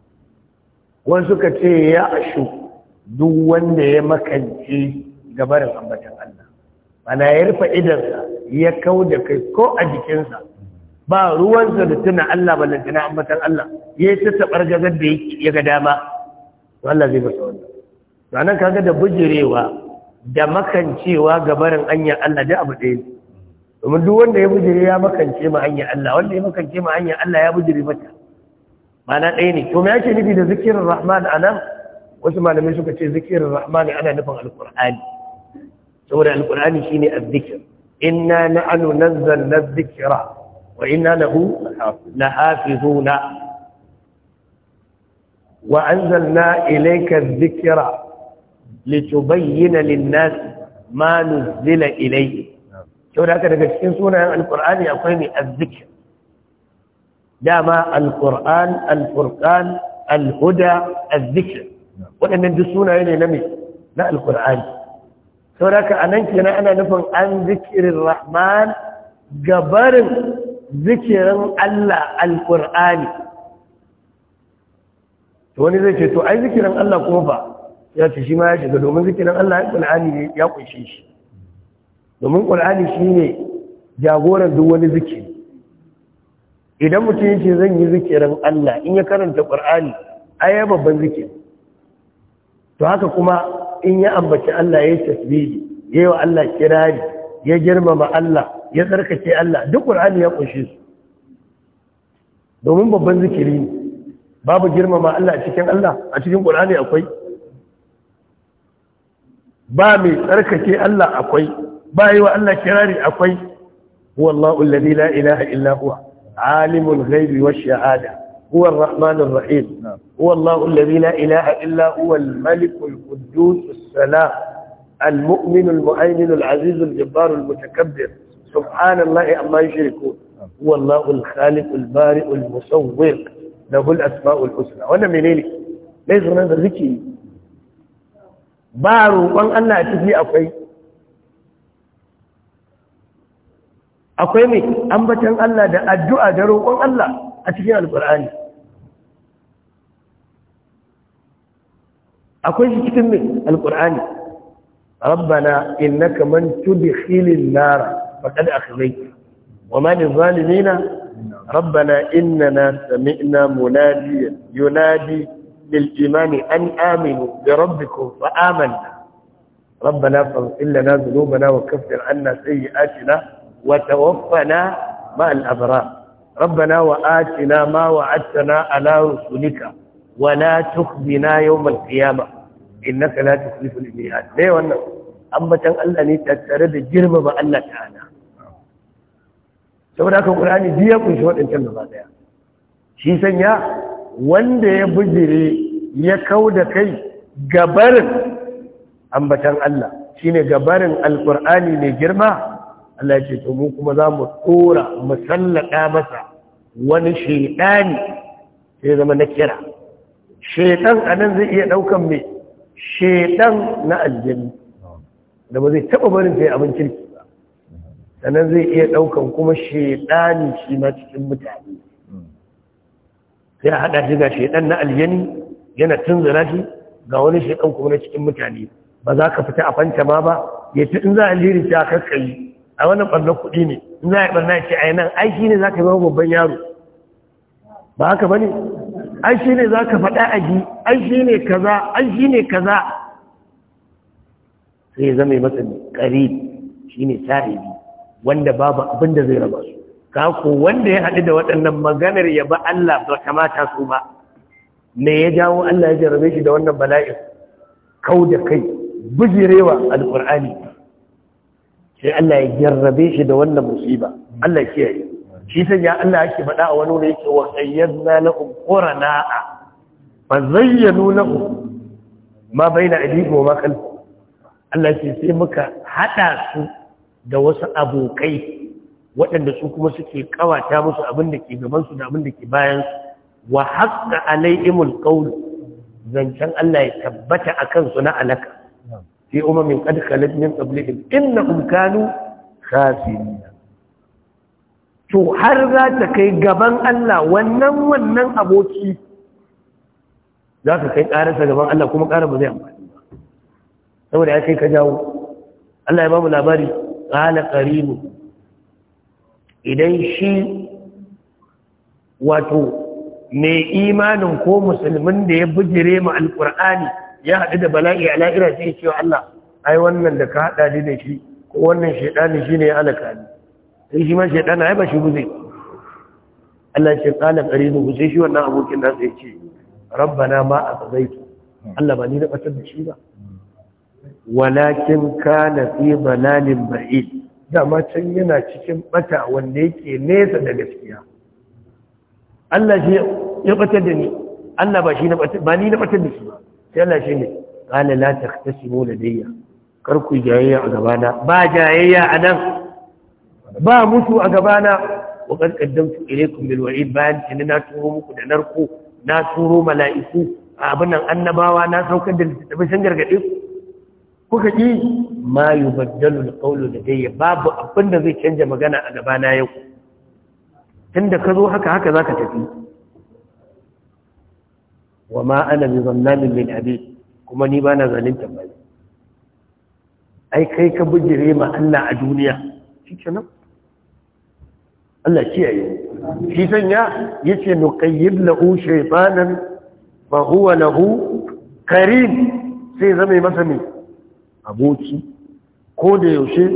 wasu suka ce ya ashu duk wanda ya makance gabarin ambatan Allah ana ya rufe idansa ya kau da kai ko a jikinsa ba ruwansa da tuna Allah lantana ambatan Allah ya yi sassa ɓargazar da ya ga dama Allah zai masa to anan kaga da bujirewa da makancewa ga barin hanyar Allah da abu ɗaya domin duk wanda ya bujire ya makance ma hanyar Allah wanda ya makance ma hanyar Allah ya bujire mata mana ɗaya ne to me yake nufi da zikirin rahman anan wasu malamai suka ce zikirin rahman ana nufin alqur'ani saboda alqur'ani shine azzikir inna na'anu nazzalna dhikra وإنا له لحافظون وأنزلنا إليك الذكر لتبين للناس ما نزل إليه شو لك نفسين سونا القرآن يقوم الذكر داما القرآن الفرقان الهدى الذكر نعم. وأن ندسونا إليه لم لا القرآن شو لك أنك أنا نفهم عن ذكر الرحمن قبر zikirin Allah alƙur'ani wani zai ce to ai zikirin Allah kuma ba ya ce shi ma ya shiga domin zikirin Allah alƙur'ani ya kunshe shi domin ƙur'ani shi jagoran duk wani zikiri idan mutum yake zan yi zikirin Allah in ya karanta ƙur'ani ai ya babban zikiri to haka kuma in ya ambaci Allah ya tasbihi yayi wa Allah kirari ya girmama Allah ya tsarkake Allah duk Qur'ani ya kunshe su domin babban zikiri ne babu girmama Allah a cikin Allah a cikin Qur'ani akwai ba mai tsarkake Allah akwai ba yi wa Allah kirari akwai wallahu alladhi la ilaha illa huwa alimul ghaibi wash shahada هو الرحمن الرحيم هو الله الذي لا إله إلا هو الملك القدوس السلام المؤمن المؤمن العزيز الجبار المتكبر subhanallahi amma yushriku wallahu al-khaliq al-bari al-musawwir lahu al-asma'u al-husna wannan menene dai sunan da zikiri ba roƙon Allah a ciki akwai akwai mai ambatan Allah da addu'a da roƙon Allah a cikin alƙur'ani akwai shi cikin alƙur'ani rabbana innaka man tudkhilin nara فقد أخذيت وما للظالمين ربنا إننا سمعنا مناديا ينادي للإيمان أن آمنوا بربكم فآمنا ربنا فاغفر لنا ذنوبنا وكفر عنا سيئاتنا وتوفنا مع الأبرار ربنا وآتنا ما وعدتنا على رسلك ولا تخزنا يوم القيامة إنك لا تخلف الميعاد ليه والله؟ أما تنقل أن ني تترد جرم الله تعالى saboda haka qur'ani biyu ya kunshi waɗancan gaba daya shi sanya wanda ya bujire ya kau da kai gabarin ambatan Allah Shi ne gabarin Alƙur'ani mai girma Allah ya ce to mu kuma za mu tsora musallaka masa wani shaidani sai zama na kira shaidan anan zai iya ɗaukan mai shaidan na aljanna da ba zai taɓa barin sai abin kirki sannan zai iya ɗaukan kuma shaidani shi ma cikin mutane sai a haɗa shi ga shaidan na aljani yana tunzura shi ga wani shaidan kuma na cikin mutane ba za ka fita a fanta ma ba ya ci in za a liri ta kakkayi a wannan ɓarnar kuɗi ne in za a yi ɓarnar ce a yanan ai shi ne za ka zama babban yaro ba haka ba ne ai shi ne za ka faɗa a ji ai shi ne kaza ai shi ne kaza sai ya zama masa ƙari shi ne sahibi wanda babu abin da zai raba su kako wanda ya haɗu da waɗannan maganar ya ba Allah ba kamata su ba me ya jawo Allah ya jarabe shi da wannan bala'in kau da kai bijirewa alƙur'ani sai Allah ya jarrabe shi da wannan musiba Allah ya yi shi sai ya Allah yake faɗa a wani wuri yake wa qayyadna lahum qurana'a fa zayyanu lahum ma baina aydihim wa ma khalfihim Allah ya ce sai muka hada su da wasu abokai waɗanda su kuma suke kawata musu abin da ke gabansu da abin da ke bayansu wa haƙa alaihimul qawl zancen Allah ya tabbata akan su na alaka fi umamin qad khalat min qablihim innahum kanu khasirin to har za ta kai gaban Allah wannan wannan aboki za ka kai ƙararsa gaban Allah kuma ƙarar ba zai amfani ba saboda ya kai ka jawo Allah ya ba mu labari ƙala ƙaribu idan shi wato mai imanin ko musulmin da ya bujire ma alƙur'ani ya haɗu da bala'i a ira sai ce wa Allah ai wannan da ka haɗa ni da shi ko wannan shaiɗani shine ya alaka ni sai shi ma shaiɗani ai ba shi buze Allah ce ƙala ƙaribu sai shi wannan abokin da ya ce rabbana ma a Allah ba ni na ɓatar da shi ba walakin kana fi dalalin ba'id dama can yana cikin bata wanda yake nesa da gaskiya Allah shi ya bata da ni Allah ba shi na ba ni na bata da shi ba sai Allah shi ne qala la taqtasimu ladayya kar ku jayayya a gabana ba jayayya a nan ba mutu a gabana wa qad qaddamtu ilaykum bil wa'id bayan in na turo muku da narko na turo mala'iku abin nan annabawa na saukar da littattafai sun gargaɗe ku kuka ji ma yubaddalu da ladayya babu Abinda zai canja magana a gaba na yau inda ka zo haka haka za ka tafi wa ma ana bi zannamin lil abid kuma ni bana zanen tambayi. ai kai ka bujire ma Allah a duniya nan Allah ce kiyaye shi sanya yace nuqayyib lahu shaytanan fa huwa lahu karim sai zama masa mai aboki ko da yaushe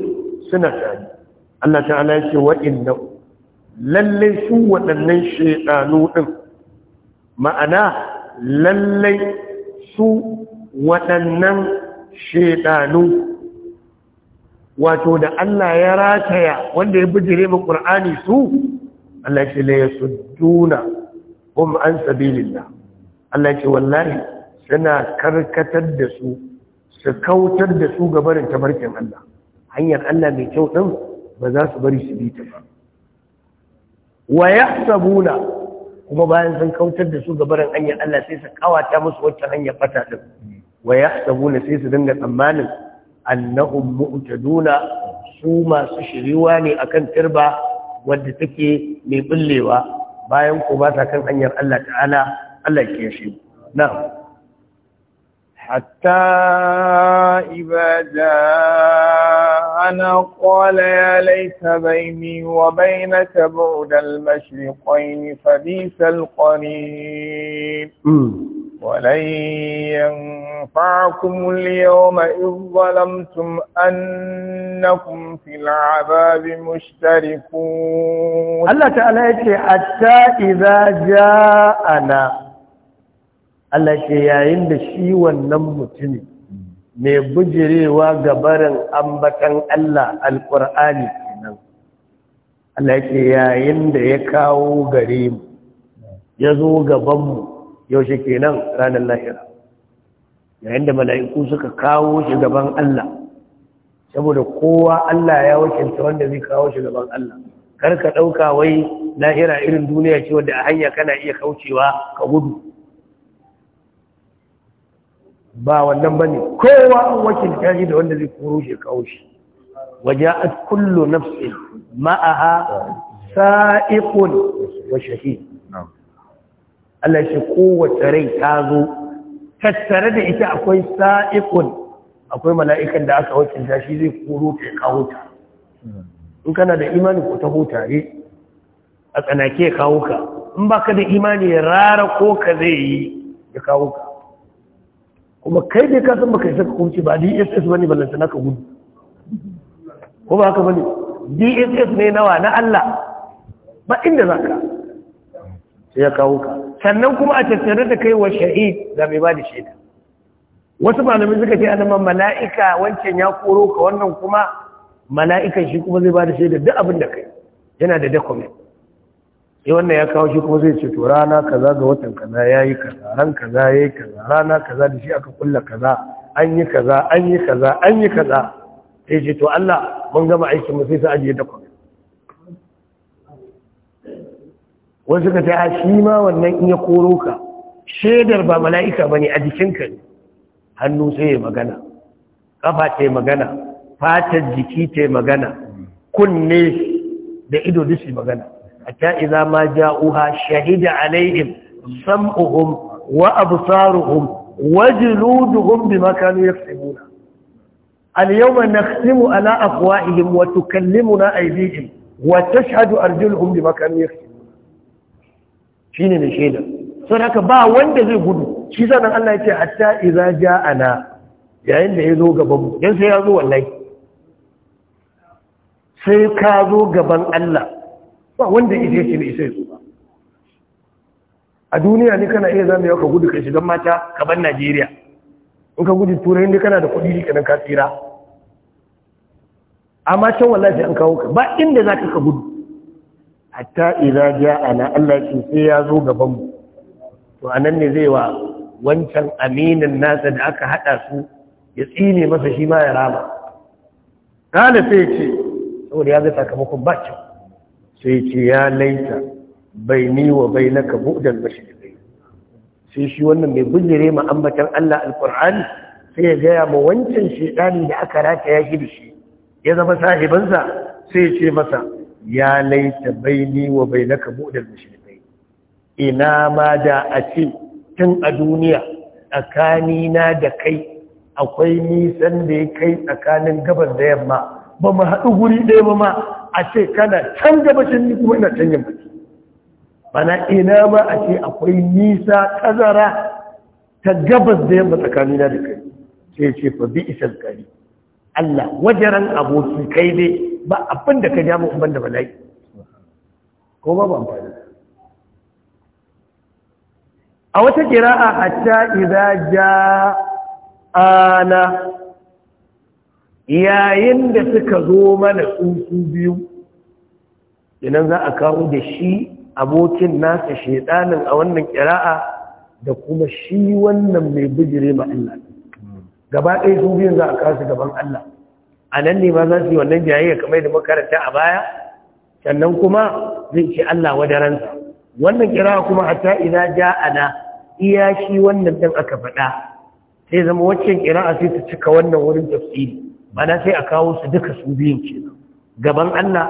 suna tare Allah ta'ala ya ce wa'inna lallai su waɗannan shaidanu din, ma'ana lallai su waɗannan shaidanu wato da Allah ya rataya wanda ya bijire mu Qur'ani su Allah ya ce la yasudduna hum an sabilillah Allah ya ce wallahi suna karkatar da su su kautar da su gabarin tabarkin Allah hanyar Allah mai kyau ɗin ba za su bari su bi ta ba wa ya sabuna kuma bayan sun kautar da su gabarin hanyar Allah sai su kawata musu wata hanyar fata ɗin. wa ya sabuna sai su dinga tsammanin annahum mu'taduna su masu shiriwa ne akan turba wadda take mai bullewa bayan ko ba ta kan hanyar Allah ta'ala Allah ke shi na'am حتى إذا جاءنا قال يا ليت بيني وبينك بعد المشرقين فبئس القريب ولن ينفعكم اليوم إذ ظلمتم أنكم في العذاب مشتركون الله تعالى يقول حتى إذا جاءنا Allah ce yayin da shi wannan mutumin mai bujirewa ga barin ambatan Allah alƙur'ani kenan Allah ce yayin da ya kawo gare mu ya zo gaban mu yaushe kenan ranar lahira yayin da mala'iku suka kawo shi gaban Allah saboda kowa Allah ya wakilta wanda zai kawo shi gaban Allah kar ka ɗauka wai lahira irin duniya ce wanda a hanya kana iya kaucewa ka gudu ba wannan bane kowa an wakilta da wanda zai kuro shi kawo shi Waje a kullu nafsin ma'aha sa'ikun wa shahid Allah shi kowace rai ta zo tattare da ita akwai sa'ikun, akwai mala'ikan da aka wakil shi zai kuro ta kawo ta in kana da imani ku taho tare a tsanake kawo ka in baka da imani ya rara ko ka zai yi ya kawo ka kuma kai dai ka san baka isa ka kuce ba dss ba ne ballanta na ka gudu ko ba haka bane dss ne nawa na allah ba inda za sai ya kawo ka sannan kuma a tattare da kai wa shahi ga mai ba da shaida wasu malami suka ce man mala'ika wancan ya koro ka wannan kuma mala'ikan shi kuma zai ba da shaida duk abin da kai yana da document sai eh, wannan ya kawo shi kuma zai ce to rana kaza ga watan kaza ya yi kaza ran kaza ya yi kaza rana kaza da shi aka kulla kaza an yi kaza an yi kaza an yi kaza ya ce to Allah mun gama aikin mu sai su ajiye da kuma wasu suka ta shi ma wannan in ya koro ka shaidar ba mala'ika ba ne a jikinka ne hannu sai ya magana kafa ta magana fatar jiki ta magana kunne da ido duk magana hatta idza ma ja'uha shahida alaihim sam'uhum wa absaruhum wa juluduhum bima kanu yaksubuna اليوم نختم على أفواههم وتكلمنا أيديهم وتشهد أرجلهم بما كانوا يكسبون شيني من صدق با وند زي غدو الله يتي حتى إذا جاءنا yayin da ya zo gabanmu don ya zo wallai sai ka zo gaban Allah ba wanda ije shi ne isa ya ba a duniya ne kana iya zama yau ka gudu ka shigan mata ka ban najeriya in ka gudu turai ne kana da kuɗi shi ka tsira amma can wallahi an kawo ka ba inda za ka gudu hatta idza ana Allah shi sai ya zo gaban mu to nan ne zai wa wancan aminin nasa da aka hada su ya tsine masa shi ma ya rama kana sai ce saboda ya ga sakamakon bacin sai ce ya laita bai ni wa bai na ka buɗan mashirkai sai shi wannan mai bujire ma ambatan Allah alƙur'ani sai ya gaya ma wancan shaidani da aka rata ya da shi ya zama sahibansa sai ce masa ya laita bai ni wa bai na ka buɗan mashirkai ina ma da a ce tun a duniya tsakanina da kai akwai nisan da ya kai tsakanin gabas da yamma ba mu haɗu guri ɗaya ba ma a ce kana can gabashin ni kuma ina can yamma bana ina ma a ce akwai nisa tazara ta gabas da yamma tsakanina da kai sai ce fa bi isan kari Allah wajaran aboki kai dai ba abin da ka ja mu ban da bala'i ko ba ban fara a wata kira'a hatta idza ja ana yayin da suka zo mana tsuntsu biyu idan za a kawo da shi abokin nasa shaidanin a wannan kira'a da kuma shi wannan mai bijire ma Allah gaba ɗaya su biyun za a kawo gaban Allah a nan ne ma za su yi wannan jayayya kamar da makaranta a baya sannan kuma zai ce Allah wadaransa wannan kira'a kuma hatta ina ana iya shi wannan ɗin aka faɗa sai zama waccan kira'a sai ta cika wannan wurin tafsiri mana sai a kawo su duka su biyun ke. gaban Allah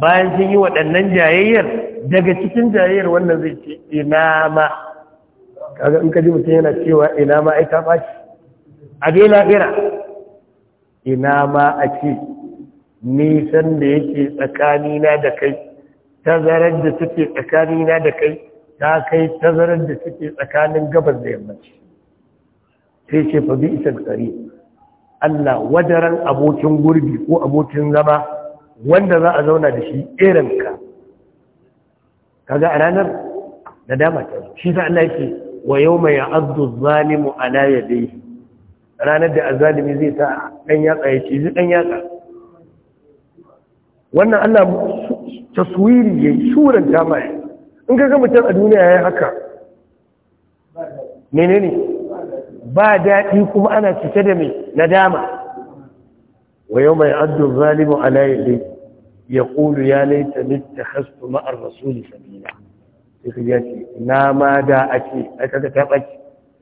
bayan sun yi waɗannan jayayyar daga cikin jayayyar wannan zai ce ina ma kaga in ka ji mutum yana cewa ina ma aika fashi a dai lahira ina ma a ce nisan da yake tsakanina da kai tazarar da suke tsakanina da kai ta kai tazarar da suke tsakanin gabas da yammaci sai ce fa bi isa tsari Allah wadaran abokin gurbi ko abokin zama wanda za a zauna da shi irinka kaga a ranar da dama ta shi ta Allah yake wa yau mai azdu zalimu ala yadayhi ranar da azalimi zai ta dan yatsa ya zai dan yatsa wannan Allah taswiri ya suranta mai in ka ga mutum a duniya yayi haka menene ba daɗi kuma ana cike da mai nadama wa yau mai addu zalimu ala ya ƙulu ya laita nita hastu ma'ar rasuli sabila sai ya ce ina ma da ake aka ta ɓace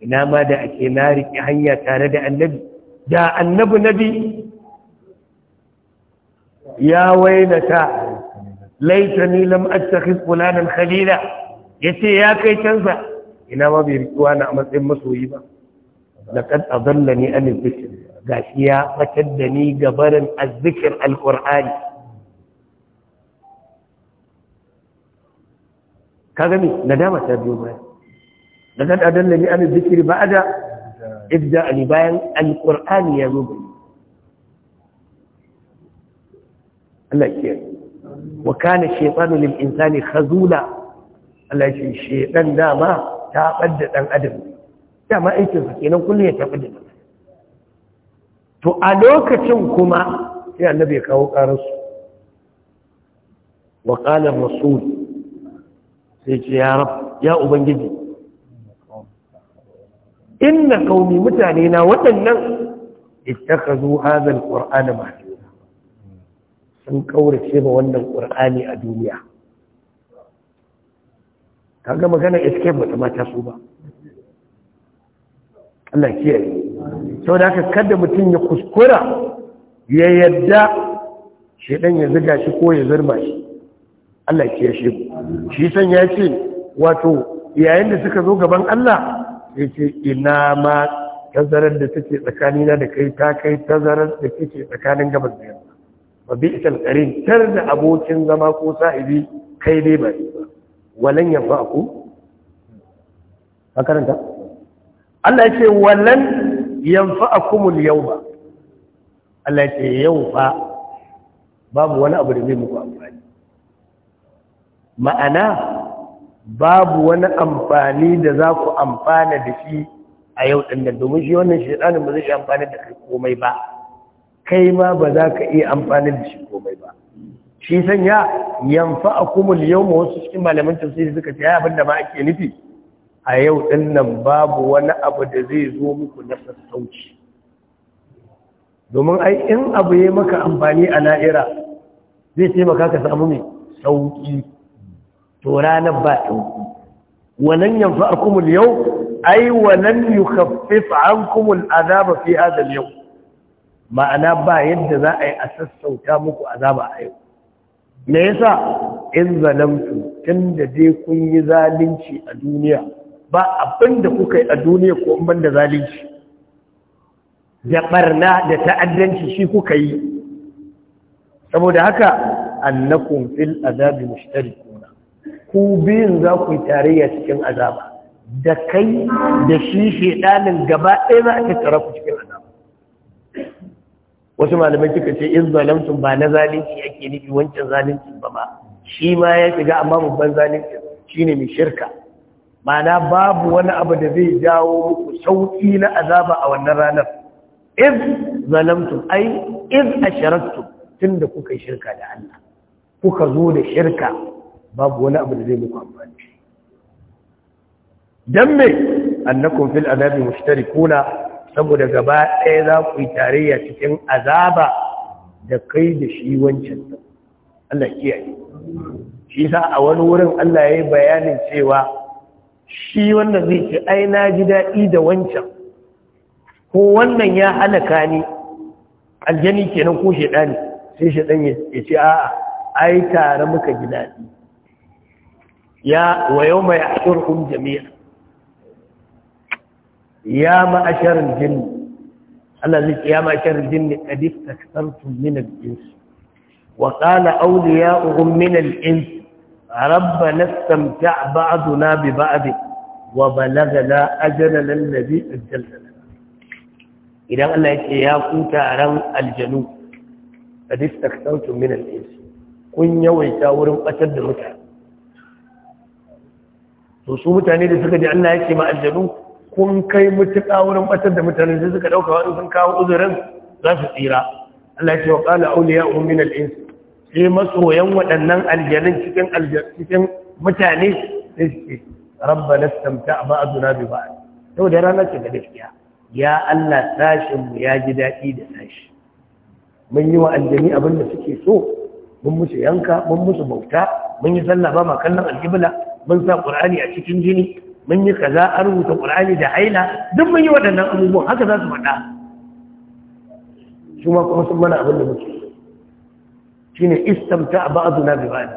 ina ma da ake na riƙe hanya tare da annabi da annabi nabi ya ta. laita ni lam attakhis fulanan khalila yace ya kai canza ina ma bai riƙuwa na a matsayin masoyi ba لقد أضلني أن الذكر يا فكدني قبرا الذكر القرآن كذلك ندامة تابيو لقد أضلني أن الذكر بعد إبدأ نبايل القرآن يا ربي الله يشير وكان الشيطان للإنسان خذولا الله يشير الشيطان داما تابدت الأدب dama aikinsa kenan kullum ya tafi da to a lokacin kuma sai annabi ya kawo ƙararsu wa ƙalar rasul sai ce ya rab ya ubangiji inna qaumi mutane na waɗannan ittakazu hadha alqur'ana mahjura sun kaurace ba wannan qur'ani a duniya kaga magana escape ba ta mata ba Allah kiyaye saboda haka kada mutum ya kuskura ya yadda shedan ya ziga shi ko ya zurma shi Allah kiyaye shi shi san ya ce wato yayin da suka zo gaban Allah ya ce ina ma tazarar da take tsakanina da kai ta kai tazarar da take tsakanin gabas da yamma ba bi ita alƙarin tar da abokin zama ko sa'ibi kai dai ba walan yafa ku makaranta Allah ce wallan Yau yawma Allah ce yau fa babu wani abu da zai muku amfani ma'ana babu wani amfani da za ku amfana da shi a yau ɗin da domin shi wannan shaɗanin ba zai amfani da kai komai ba kai ma ba za ka iya amfani da shi komai ba shi sanya yamfa a kumul yau ma wasu cikin malamin tafsiri suka ce ya abinda ma ake nufi a yau dinnan babu wani abu da zai zo muku na sassauci domin ai in abu ya maka amfani a na'ira zai taimaka ka samu mai sauki to ranar ba sauki wannan a kumul yau ai wannan yukaffif ankumul azaba fi hadha al-yau ma'ana ba yadda za a yi a sassauta muku azaba a yau me yasa in zalamtu tunda dai kun yi zalunci a duniya ba abin da kuka yi a duniya ko ban da zalunci da barna da ta'addanci shi kuka yi saboda haka annakum fil azabi mushtarikuna ku biyun za ku yi tarayya cikin azaba da kai da shi shedanin gaba ɗaya za a tattara ku cikin azaba wasu malamai kika ce in zalamtum ba na zalunci ake nufi wancan zalunci ba ba. shi ma ya shiga amma babban zalunci shine mai shirka Ma'ana babu wani abu da zai jawo muku sauƙi na azaba a wannan ranar iz zalamtum ai iz asharaktum tunda kuka shirka da Allah kuka zo da shirka babu wani abu da zai muku amfani dan me annakum fil azabi mushtarikuna saboda gaba ɗaya za ku yi tarayya cikin azaba da kai da shi wancan Allah kiyaye shi sa a wani wurin Allah ya yi bayanin cewa shi wannan zai ce ai na ji daɗi da wancan ko wannan ya halaka ni aljani kenan ko ne. sai shaɗan ya ce a'a ai tare muka ji daɗi ya wa yau mai ashirin jami'a ya ma'asharar jinni Allah zai ce ya ma'asharar jinni kadif taktartum min al insu. wa qala auliya min al insu. ربنا استمتع بعضنا ببعض وبلغنا أجلنا الذي أجلنا إذا قال لك يا كنت أران الجنوب قد استكثرتم من الإنس kun yawaita wurin ɓatar da mutane to mutane da suka ji Allah ya ce ma aljanu kun kai mutuka wurin ɓatar da mutane sai suka ɗauka wani sun kawo uzurin za su tsira Allah ya ce sai masoyan waɗannan aljanin cikin aljanin mutane sai suke rabba na samta ba a zuna bi ba yau da ranar ce ga gaskiya ya Allah sashinmu ya ji daɗi da sashi mun yi wa aljani abin da suke so mun musu yanka mun musu bauta mun yi sallah ba ma kallon alƙibla mun sa ƙur'ani a cikin jini mun yi kaza an rubuta ƙur'ani da haila duk mun yi waɗannan abubuwan haka za su faɗa su ma kuma sun mana abin da muke shine istamta ba'duna bi ba'd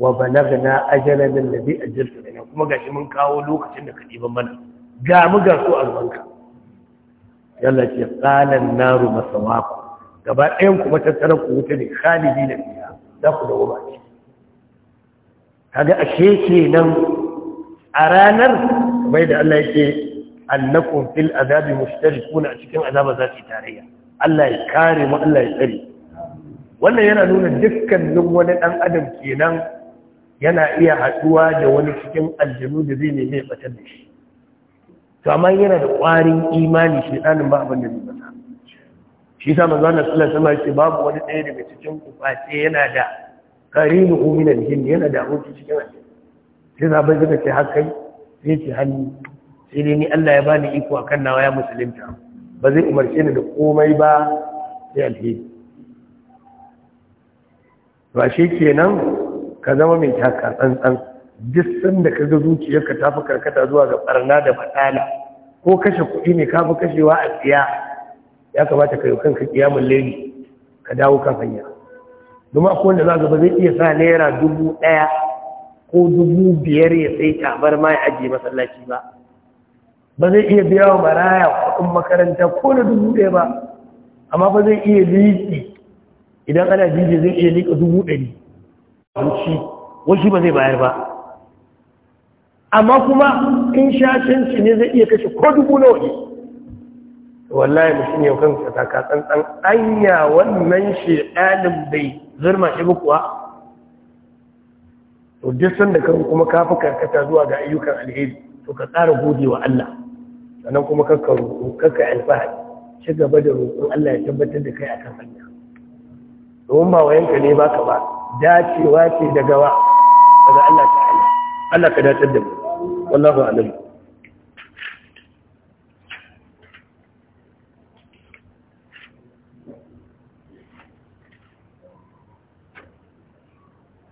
wa balagna ajalan alladhi ajalta lana kuma gashi mun kawo lokacin da kadi mana ga mu ga su a yalla ce qalan naru masawaku gaba ɗayan kuma tattara ku wuta ne khalidi da fiya za ku dawo ba kaga ashe kenan a ranar bai da Allah yake annakum fil azabi mushtarikuna a cikin azaba za su tarayya Allah ya kare mu Allah ya tsare wannan yana nuna dukkanin wani ɗan adam kenan yana iya haɗuwa da wani cikin aljanu da zai nemi ya ɓatar da shi to amma yana da ƙwarin imani shi ɗanin ba abin da zai masa shi sa manzo na sallallahu alaihi shi babu wani ɗaya daga cikin kuface yana da qarinu minal jini yana da abokin cikin aljanu sai suka ce sai ce hannu sai dai ni Allah ya bani iko akan nawa ya musulunta ba zai umarce ni da komai ba sai alheri ba shi kenan ka zama mai taka tsantsan duk sanda ka ga zuciyarka ta fi karkata zuwa ga barna da matsala ko kashe kuɗi ne ka kashewa a tsiya ya kamata ka yi kanka kiyamun leli ka dawo kan hanya domin akwai wanda za ka gaba zai iya sa naira dubu ɗaya ko dubu biyar ya sai tabar ma ya ajiye masallaci ba ba zai iya biya wa maraya kuɗin makaranta ko da dubu ɗaya ba amma ba zai iya liƙi idan ana jiji zai iya nika dubu ɗari wuce wasu ba zai bayar ba amma kuma in shi ne zai iya kashe ko dubu nawa ne wallahi mutum ne kan kasa ka tsantsan anya wannan shi ɗalin bai zurma shi ba kuwa to duk sanda kan kuma ka karkata zuwa ga ayyukan alheri to ka tsara gode wa Allah sannan kuma kakka roƙo kakka alfahari ci gaba da roƙon Allah ya tabbatar da kai akan hanya domin ba yanka ne baka ba dacewa ce da gawa daga Allah ta'ala Allah ka dace da mu wallahu a'lam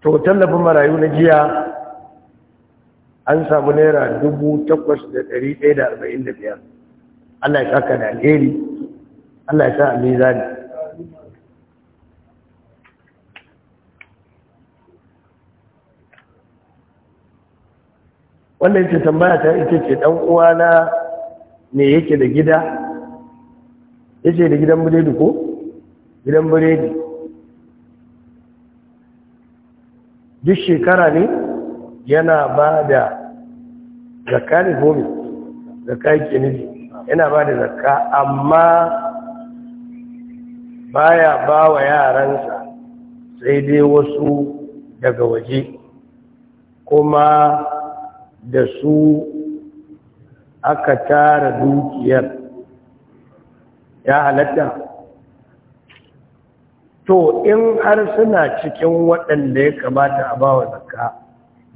to tallafin marayu na jiya an samu naira dubu takwas da daya da arba'in da biyar. Allah ya saka da alheri Allah ya sa a mizani wanda yake tambaya ta ita ce dan uwana me yake da gida yace da gidan biredi ko gidan biredi duk shekara ne yana ba da zakka ne gobe zakka yake ne yana ba da zakka amma baya ba wa yaransa sai dai wasu daga waje kuma da su aka tara dukiyar ya halatta to in har suna cikin waɗanda ya kamata a ba wa da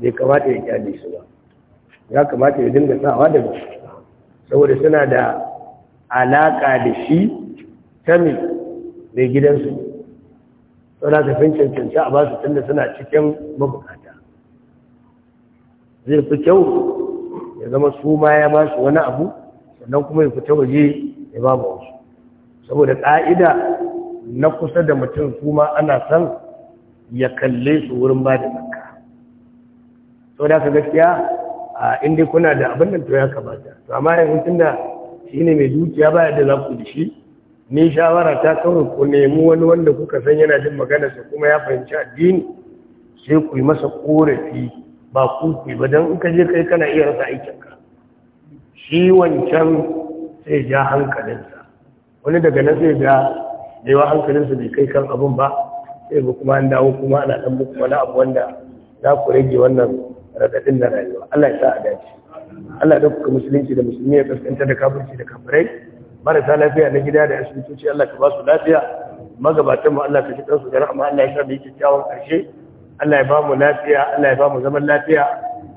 ya kamata ya kyale su ba ya kamata ya dinga sawa da saboda suna da alaƙa da shi ta mai gidansu sau da ka fin cancanci a ba su da suna cikin mabukata zai fi kyau ya zama su ma ya ba su wani abu sannan kuma ya fita waje ya ba ma wasu saboda ƙa'ida na kusa da mutum su ma ana son ya kalle su wurin ba da zakka sau da ka gaskiya a inda kuna da abin nan to ya kamata to amma yanzu tun da shi ne mai dukiya ba da za ku shi ni shawara ta kawai ku nemi wani wanda kuka san yana jin maganarsa kuma ya fahimci addini sai ku yi masa ƙorafi. ba kufi ba don ka je kai kana iya rasa aikinka shi wancan sai ja hankalinsa wani daga nan sai da yawa hankalinsa bai kai kan abin ba sai ba kuma an dawo kuma ana dan muku wani abu wanda za ku rage wannan raɗaɗin na rayuwa Allah ya sa a dace Allah ya dauka musulunci da musulmi ya kaskanta da kafirci da kafirai marasa lafiya na gida da asibitoci Allah ka ba su lafiya magabatan mu Allah ka ji kansu da rahama Allah ya sa mu yi kyakkyawan ƙarshe Allah ya bamu lafiya Allah ya zaman lafiya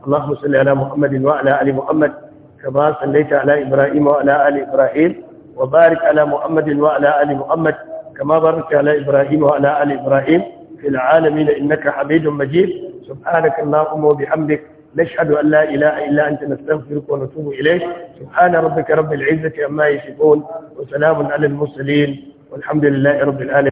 Allahumma salli ala Muhammadin wa ala ali Muhammad kama sallaita ala Ibrahim wa ala ali Ibrahim wa barik ala Muhammadin wa ala ali Muhammad kama barakta ala Ibrahim wa ala ali Ibrahim fil alamin innaka Hamidum Majid subhanaka Allahumma wa bihamdik نشهد أن لا إله إلا أنت نستغفرك ونتوب إليك سبحان ربك رب العزة عما يصفون وسلام على المرسلين والحمد لله رب العالمين